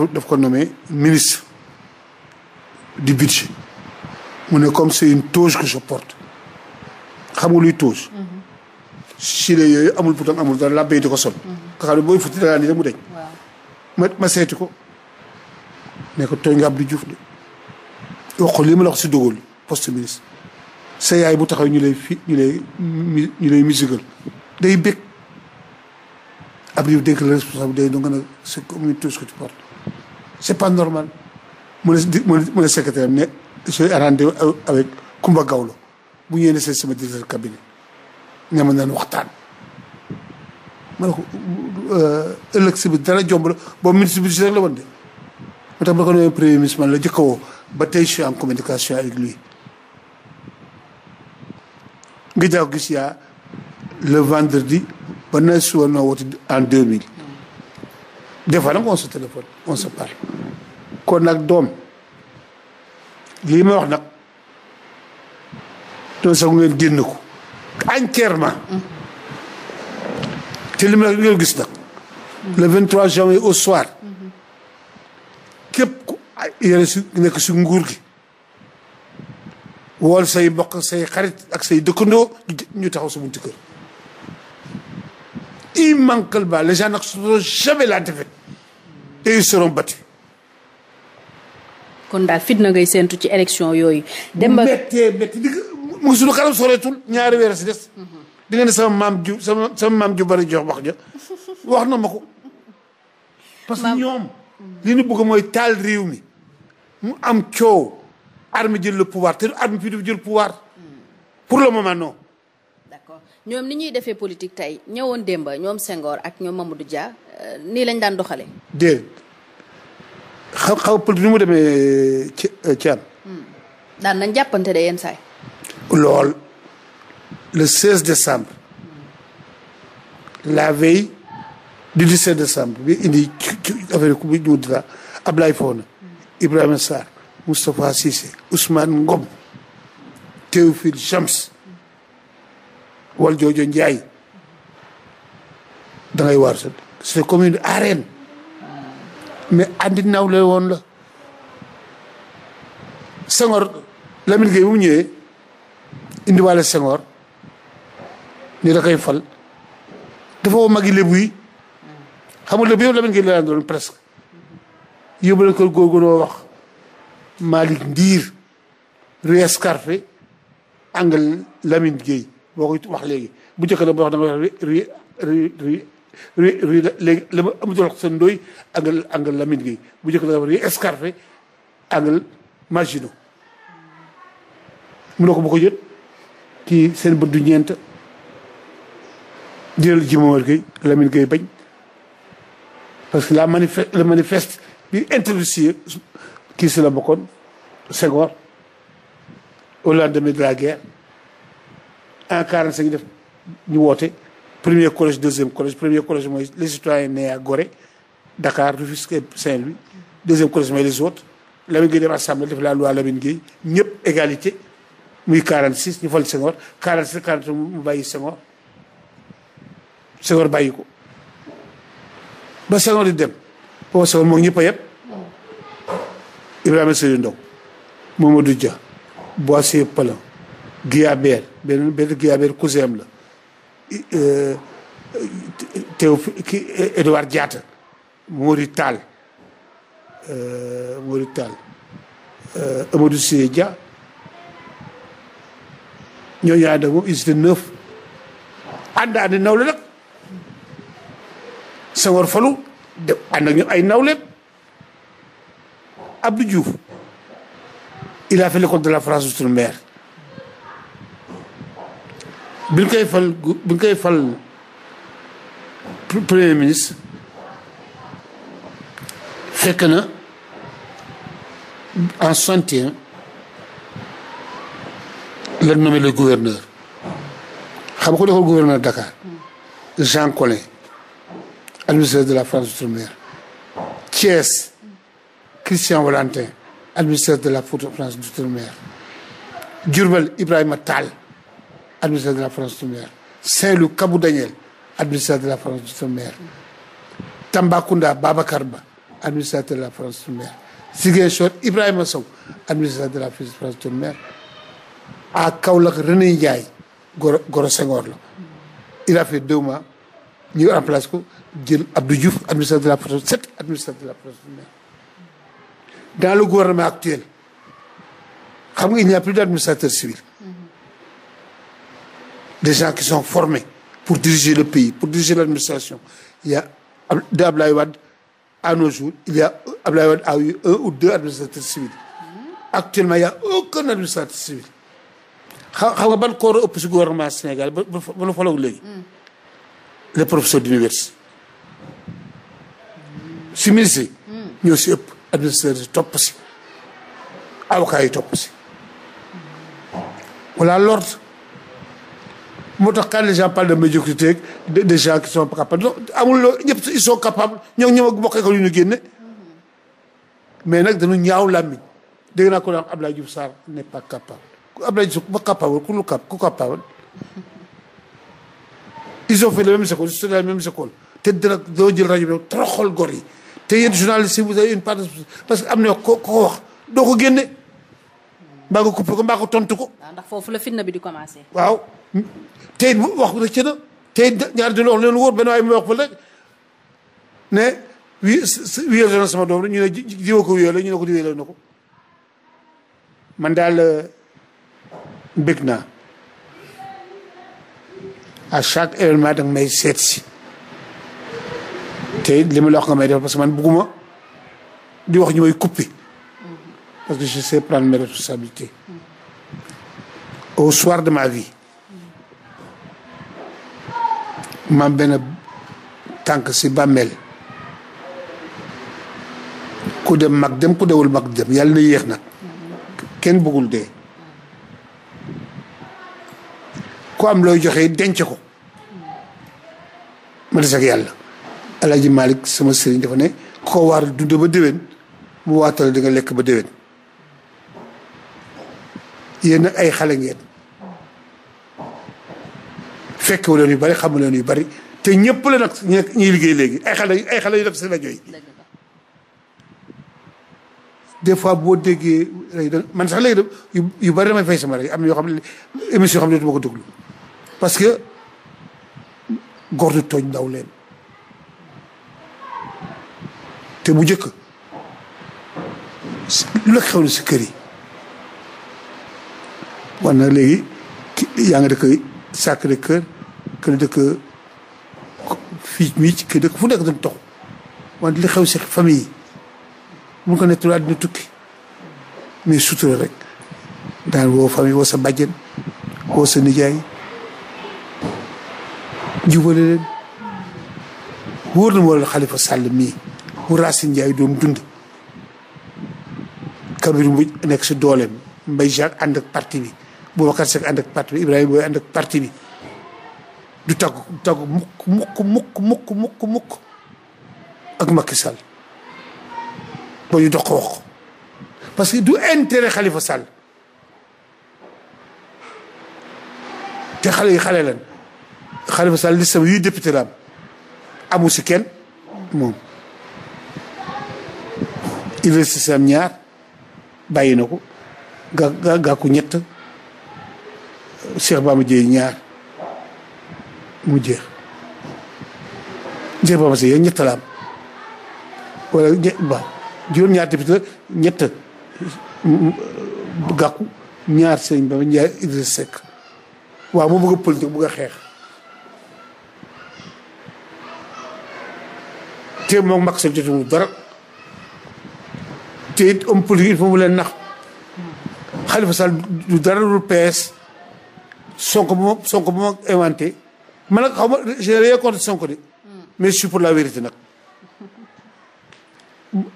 Abdou ko nommé ministre du budget mu ne comme c'est une toge que je porte xam nga luy toge. gilet hmm. yooyu amul pourtant amul dara làbbee di ko sol. nga xam ne booy futti danaa ni rek mu deñ ma ma seeti ko ne ko tooñ nga Abdou Diouf de wax lii ma la wax si dogal poste ministre. sa yaay bu taxaw ñu lay fi ñu ñu lay musical day bëgg ab riw dégg la responsabilité donc nag c'est comme tout ce que tu portes c'est pas normal mu ne mu ne secrétaire ne avec Kumba Gawlo bu ñëwee ne seet sama directeur cabinet ne ma naan waxtaan ma ne ko euh, ëllëg si bi dara jomb la boobu ministre si rek la woon de moo tax ba ko nommé premier ministre man la jëkka woo ba tey je en communication avec lui Guédiawaye Guissiya le vendredi ba na suba noo woote en 2000 des fois nag on téléphone on se parle kon nag doom lii ma wax nag doon sax ngeen génn ko entièrement te li ma ngeen gis nag le 23 janvier au soir képp ku si nekk si nguur gi wool say mbokk say xarit ak say dëkkandoo ñu taxaw sa buntu kër immanquablement les gens n'accepteront jamais la défaite et ils seront battus kon daal fitna ngay séentu ci élection yooyu. dem ba méttee métti di mu ngi suñu kanam soreetul ñaari weer si des. di ne sama maam ju sama sama maam ju bari jox wax ja wax na ma ko. parce que ñoom. li ñu bëgg mooy taal réew mi mu am coow. armée jël le pouvoir te armée bi du jël pouvoir pour le moment non. d'accord ñoom ni ñuy defee politique tey ñëwoon démba ñoom sengoor ak ñoom Mamadou Dia euh, nii lañ daan doxale déedéet xaw xaw politique ni mu demee ci ci euh, am. Hmm. daan nañ jàppante de yenn saay lool le 16 décembre. la veille du 17 décembre bi indi ci affaire yi ku muy Moustapha Cissé Ousmane Ngom Théophile Shams Valdiodio Ndiaye da ngay waar sa c'est commune arène mais andi nawle woon la Senghor Lamine Gueye mu ñëwee indiwaale Senghor ni da koy fal dafa woo magi lébu yi xam nga lébu yow Lamine Gueye la presque yóbbu ko góorgóorloo wax Malick Ndiir Rue Escarpé angle Lamine boo koy wax léegi bu njëkk nag boo wax da nga wax rue rue rue rue léegi la wax seen ndooy angle angle Lamine bu njëkk nag Rue Escarpé angle Maginot ko bu ko jot ci seen bët du ñeent jëlal ji Momar Gueye Lamine Gueye bañ parce que la manifeste le bi interdit kii la bokkoon Senghor au de la guerre en 45 def ñu woote premier collège deuxième collège premier collège mooy les citoyens nés à Gorée Dakar Rufisque et saint deuxième collège mooy les autres Lamine Gueye dem assemblée def la loi Lamine Gueye ñëpp égalité muy 46 ñu fal Senghor 46 48 mu bàyyi Senghor Senghor bàyyi ko ba Senghor di dem booba Senghor moom ñëpp a Ibrahima Seydou Ndaw Mamadou Dia Boissier Palan Guillabert benn benn Guillabert cousin am la e, teew ki Edouard Diatta Mori Tall e, Mori Tall e, Amadou Seye Dia ñooñu moom unité neuf ànd ànd naw la nag Senghor falu def ànd ay nawleem Abdou il a fait l'école de la France Outre-mer bi ñu koy fal bi ñu fal premier ministre fekk na en 61 la nommé le gouverneur xam nga ko defal gouverneur Dakar Jean Collin administrateur de la France Outre-mer Thiès Christian Valentin administrateur de la France d'outre-mer Diourbel Ibrahima Tall administrateur de la France d'outre-mer Saint-Louis Kabou Daniel administrateur de la France d'outre-mer Tambacounda Babacar Ba administrateur de la France d'outre-mer Ziguinchor Ibrahima Sow administrateur de la France d'outre-mer à Kaolack René Ndiaye Goro Goro Senghor la il a fait deux mois ñu remplace ko jël Abdou Diouf administrateur de la France sept administrateur dans le gouvernement actuel nga il n'y a plus d'administrateurs civils mm-hmm. des gens qui sont formés pour diriger le pays pour diriger l'administration il y a de Ablaye Wade à nos jours il y a un ou deux administrateurs civils mm-hmm. actuellement il y a aucun administrateur civil xam xam nga ban koor a ëpp gouvernement Sénégal ba ba la faloog léegi mm. les d'université si mm. ministre mm. ñoo si administrateur yi topp si avocat yi topp si voilà tax quand les gens parlent de médiocrité des gens qui sont capables non amul loolu ñëpp ils sont capables ñoo ngi ñoom ak bokk école yu ñu génne mais nag dégg naa ko daam Abdoulaye Diouf pas capable te dara doo jël rajo bi toroxal gor yi te yéen journaliste yi vous parce que am na ko ko wax doo ko génne mbaa nga coupé ko mbaa ko tontu ko. waaw ah, ndax foofu la fitna bi di commencé. waaw wax rëcc na tey ñaar dina wax leen wóor benn waay mi wax ne wi wiyal na sama doom ñu ne jiwa ko wiyal ñu ne ko wiyal na ko man daal euh, bëgg naa à chaque événement danga may seet tey li ma la wax nga may def parce que man bugguma di wax ñu may kuppi parce que je sais prendre mes au soir de ma vie maam benn tànk si bàmmeel ku dem mag dem ku dewul mag dem yàlla na yéex na kenn bëggul de ku am looy joxe denc ko ma des yàlla El Hadj Malick sama sëriñ dafa ne ku ko waar dund ba déwén mu waatal di lekk ba déwén yéen ay xale ngeen fekk leen yu bari xamu leen yu bari te ñëpp la nag ñuy liggéey léegi ay xale ay xale yu def seen rajo yi des fois boo déggee rajo man sax léegi dem yu bari damay fay sama rajo am na yoo xam ne émission xam ne dootuma ko déglu parce que góor du ndaw leen te bu jëkk lu la xew na si kër yi war na léegi yaa ngi dëkk Sacré-Cœur kër dëkk fii mii ci kër dëkk fu nekk dañ tox wante li xew si famille yi mun ko nettali àddina tukki mais sutura rek daan woo famille woo sa bàjjen woo sa nijaay jubale leen wóor na moo leen xalifa sàll mii wu Racine Ndiaye doon dund Kabir Mbodj nekk si dooleem Mbaye Jacques ànd ak parti bi Boubacar Seck ànd ak parti bi Ibrahima Boye ànd ak parti bi du tàggu du tàggu mukk mukk mukk mukk mukk ak Macky Sall ba ñu dox ko parce que du intérêt Khalifa Sall te xale yi xale lan Khalifa Sall liste bi yuy amul la si kenn moom Idrissa Sam ñaar bàyyi na ko ga ñett Cheikh Bamba Dièye ñaar mu jeex Cheikh Bamba Dièye ñett juróom-ñaar député ñett gàkku ñaar Serigne Bamba ñaar Idrissa Seck waaw mu bëgg a politique xeex te moom mag sa jotu dara te it homme politique il faut mu leen nax Khalifa Sall du dara lu PS Sonko bu ma Sonko bu ma inventé man nag xaw ma je n'ai rien contre Sonko de mais je suis pour la vérité nag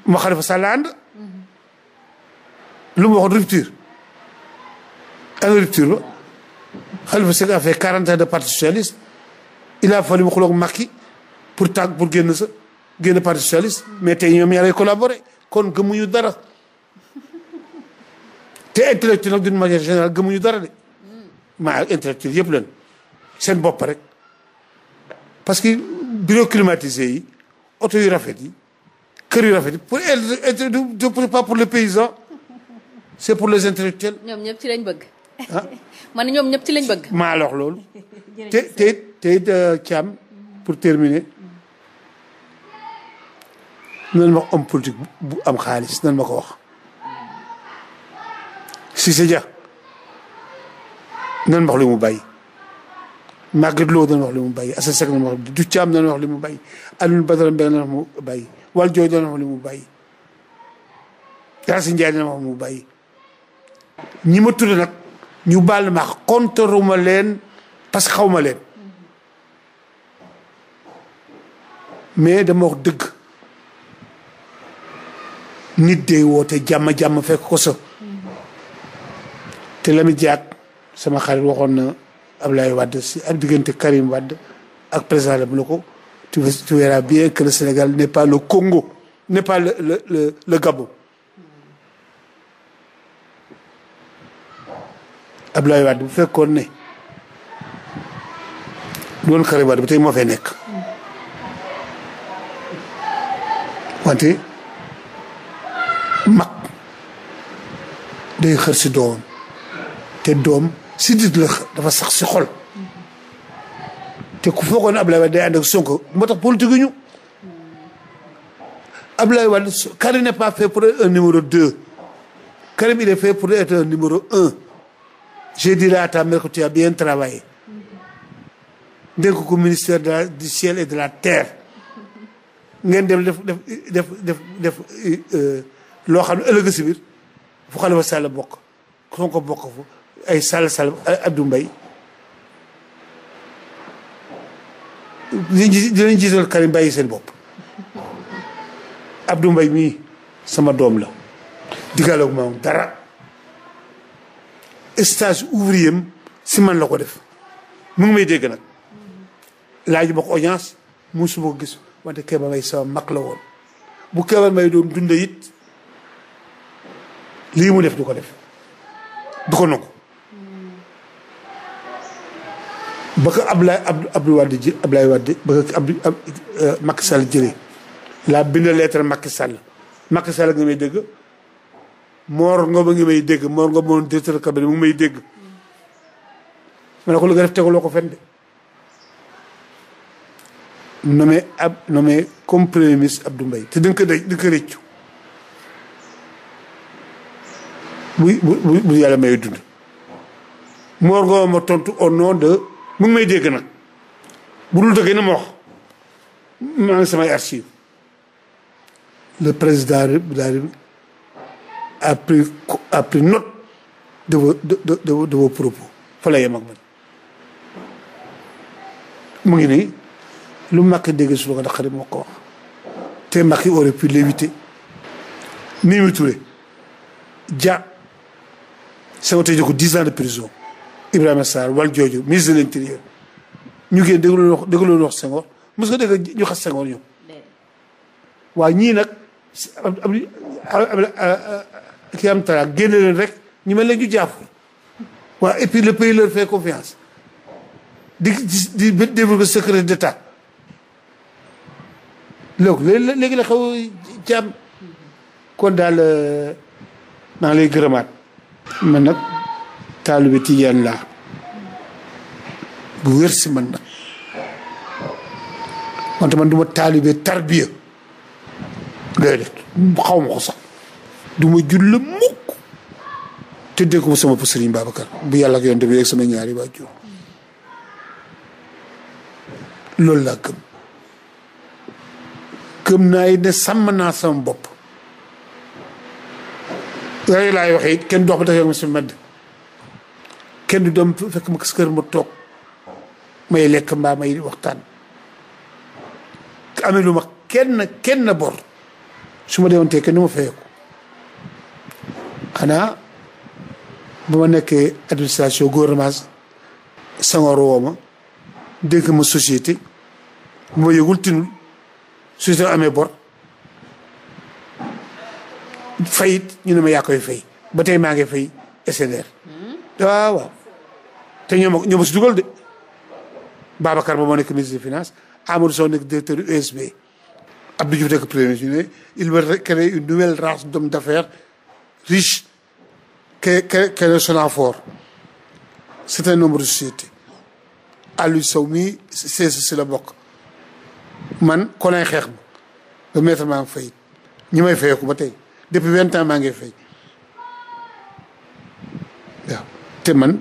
ma Khalifa Sall la ànd lu mu waxoon rupture ana rupture ba Khalifa Sall a fait quarante ans de parti socialiste il a fallu mu xuloog Macky pour tàgg pour génn sa génn parti socialiste mais tey ñoom ñaar ay collaboré kon gëmuñu dara te intellectuel nag d'une manière générale gëmuñu dara de maa intellectuel yëpp leen seen bopp rek parce que bureau climatisé yi oto yu rafet yi kër yu rafet yi pour du pas pour le paysans c'est pour le intellectuels. ñoom ñëpp ci lañ bëgg. ah man ñoom ñëpp lañ bëgg. maa lox loolu. te te te euh, Thiam pour terminer. nan ma ko homme bu am xaalis nan ma ko wax Cissé Dia nan ma wax li mu bàyyi Maguette Lo nan wax li mu bàyyi Assane Seck nan wax li mu bàyyi Alioune Badara Mbengue nan wax mu bàyyi Wal Jooy nan li mu bàyyi Racine Ndiaye nan wax mu bàyyi ñi ma tudd nag ñu baal ma kontaruma leen parce que xaw ma mais dama wax dëgg nit day woote jàmm jàmm fekk ko sa te Lamine Diack sama xarit waxoon na Abdoulaye wàdd si ak diggante Karim Wade ak président la la ko tu verras bien que le Sénégal n'est pas le Congo n'est pas le le le, le Gabon Abdoulaye ne doon Karim Wade ba tey moo fay nekk wante. mag day xër si doom te doom si dit la dafa sax si xol te ku foogoon Ablaye Wade day ànd ak Sonko moo tax politique ñu Ablaye Wade Karim n'est pas fait pour être un numéro deux Karim il est fait pour être un numéro un j'ai bien travaillé dénk ko ministère de la du ciel et de la terre ngeen def def def def def euh, loo xam ne ëllëg si biir fu Xalifa Sall bokk Sonko bokk fu ay Sall Sall Abdou Mbaye dinañ seen bopp Abdou Mbaye mii sama doom la digaloog moom dara stage ouvrier si man la ko def mu ngi may dégg nag laaj ma ko audience mu su ko gis wante Kéba Mbaye sama mag la woon bu Kéba Mbaye doon dund it lii mu def du ko def du ko nangu ba ko Ablaye Abdou Abdou Wade ji Ablaye Wade ba ko Abdou euh, Macky Sall jëlee laa bind lettre Macky Sall Macky Sall nga may dégg Mor Ngom a ngi may dégg Mor Ngom moom directeur cabinet mu ngi may dégg ma ne ko lu nga def tegaloo ko fenn de nommé ab nommé comme premier ministre Abdou Mbaye te di nga ko di nga ko rëccu bu bu bu yàlla may dund. Mor Ngom ma tontu au nom de mu ngi may dégg nag bu dul dëgg na ma wax maa ngi samay archive le président de la République a pris a pris propos fa la yem ak mu ngi nii lu Macky dégg su la ko naqari moo ko wax te Macky aurait pu l'éviter ni mu turee sama tëj ko dix ans de prison Ibrahima Sarr wal jooju ministre de l'intérieur ñu génn déglu wax déglu wax Senghor mos nga dégg ñu xas Senghor ñoom. waaw ñii nag ki am tara génne rek ñu mel ne ñu jàpp waaw et puis le pays leur fait confiance di di d'état donc léegi la xaw ci kon daal euh, maa ngi lay gërëmaat. man nag taalibe tijaan laa bu wér si man nag wante man du ma taalibe tarbiya déedéet xaw ma ko sax du ma mukk te dégg ko sama sëriñ Babacar bu yàlla ak yonte bi yeeg sama ñaari waajur loolu laa gëm gëm naa yi ne sàmm naa sama bopp yooyu laay waxee it kenn dox ba tax yow si medd kenn du doom fekk ma kës kër ma toog may lekk mbaa may waxtaan amee lu ma kenn kenn bor su ma demontee kenn du ma fayeeku xanaa ba ma nekkee administration gouvernement Senghor woo ma dénk ma société bu ma yëgul tinul su amee bor fayit ñu ne ma koy fay ba tey maa ngi fay SDR hmm? waaw waaw te ñoo ma ñoo ma si dugal de ba moo nekk ministre des finances Amadou Sow nekk directeur USB e Abdou Diouf nekk premier ministre e. il va créer une nouvelle race d'hommes d'affaires riches que que Sow mii c'est si bokk man ko xeex ba ba maître maa fay ñi may fayeeku ba tey depuis vingt ans maa ngi fay te man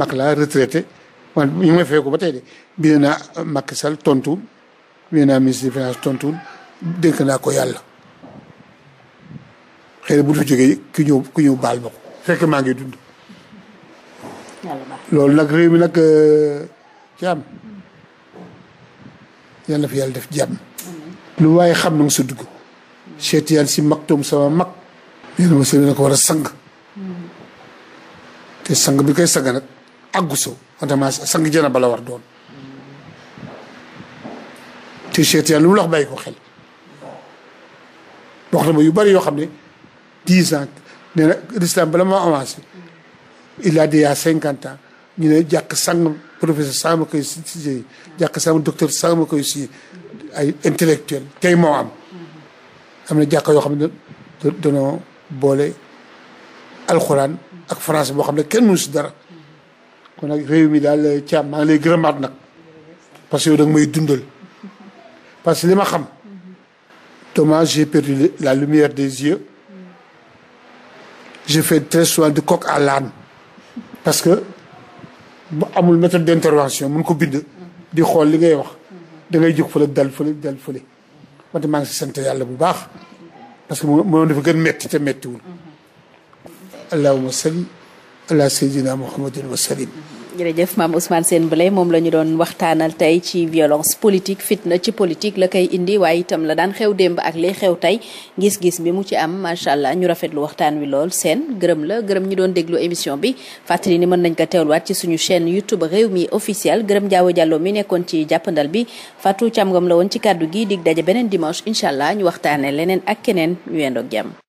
mag la retraité man ñu may fay ko ba tey de bind naa Macky Sall tontuwul bind naa ministre des finances tontuwul dénk naa ko yàlla xëy na bu fi jógee ku ñëw ku baal ma ko fekk maa ngi dund. loolu nag réew mi nag ci euh, am yàlla fi yàlla def jàmm. lu waaye xam na sa dugg. Cheikh Tidiane Sy Maktoum sama mag nee na ma sëriñ bi ko war a sang te sang bi koy sang nag àggu so wante maa sang jana bala war doon te chet yàlla lu mu la wax ko xel wax na ma yu bari yoo xam ne dix ans nee na l'islam bala maa avancé il a déjà cinquante ñu ne jàkk sang professeur sang ma koy si jàkk sang docteur sang ma koy si ay intellectuel tey moo am am na jàkk yoo xam ne danoo boole alxuraan ak français boo xam ne kenn mënu si dara kon nag réew mi daal eh, Thiam maa ngi lay gërëmaat nag parce que yow da nga may dundal parce que li ma xam Thomas j'ai perdu la lumière des yeux je fais très souvent de coq à l'âne parce que bu amul méthode d'intervention mun ko bind di xool li ngay wax da ngay jóg fële dal fële dal fële wante maa ngi si sant yàlla bu baax parce que moom dafa gën metti te mettiwul mm-hmm. allahuma salli ala sayyidina muhammadin wa sallim mm-hmm. jërëjëf maam Ousmane Sène Blay moom la ñu doon waxtaanal tey ci violence politique fitna ci politique la koy indi waaye itam la daan xew démb ak liy xew tey gis-gis bi mu ci am macha allah ñu rafetlu waxtaan wi lool seen gërëm la gërëm ñi doon déglu émission bi fàttali ni mën nañ ko teewluwaat ci suñu chaîne YouTube réew mi officiel gërëm jaawo jàlloo mi nekkoon ci jàppandal bi Fatou Thiam Ngom la woon ci kàddu gi dig daje beneen dimanche incha allah ñu waxtaane leneen ak keneen ñu jàmm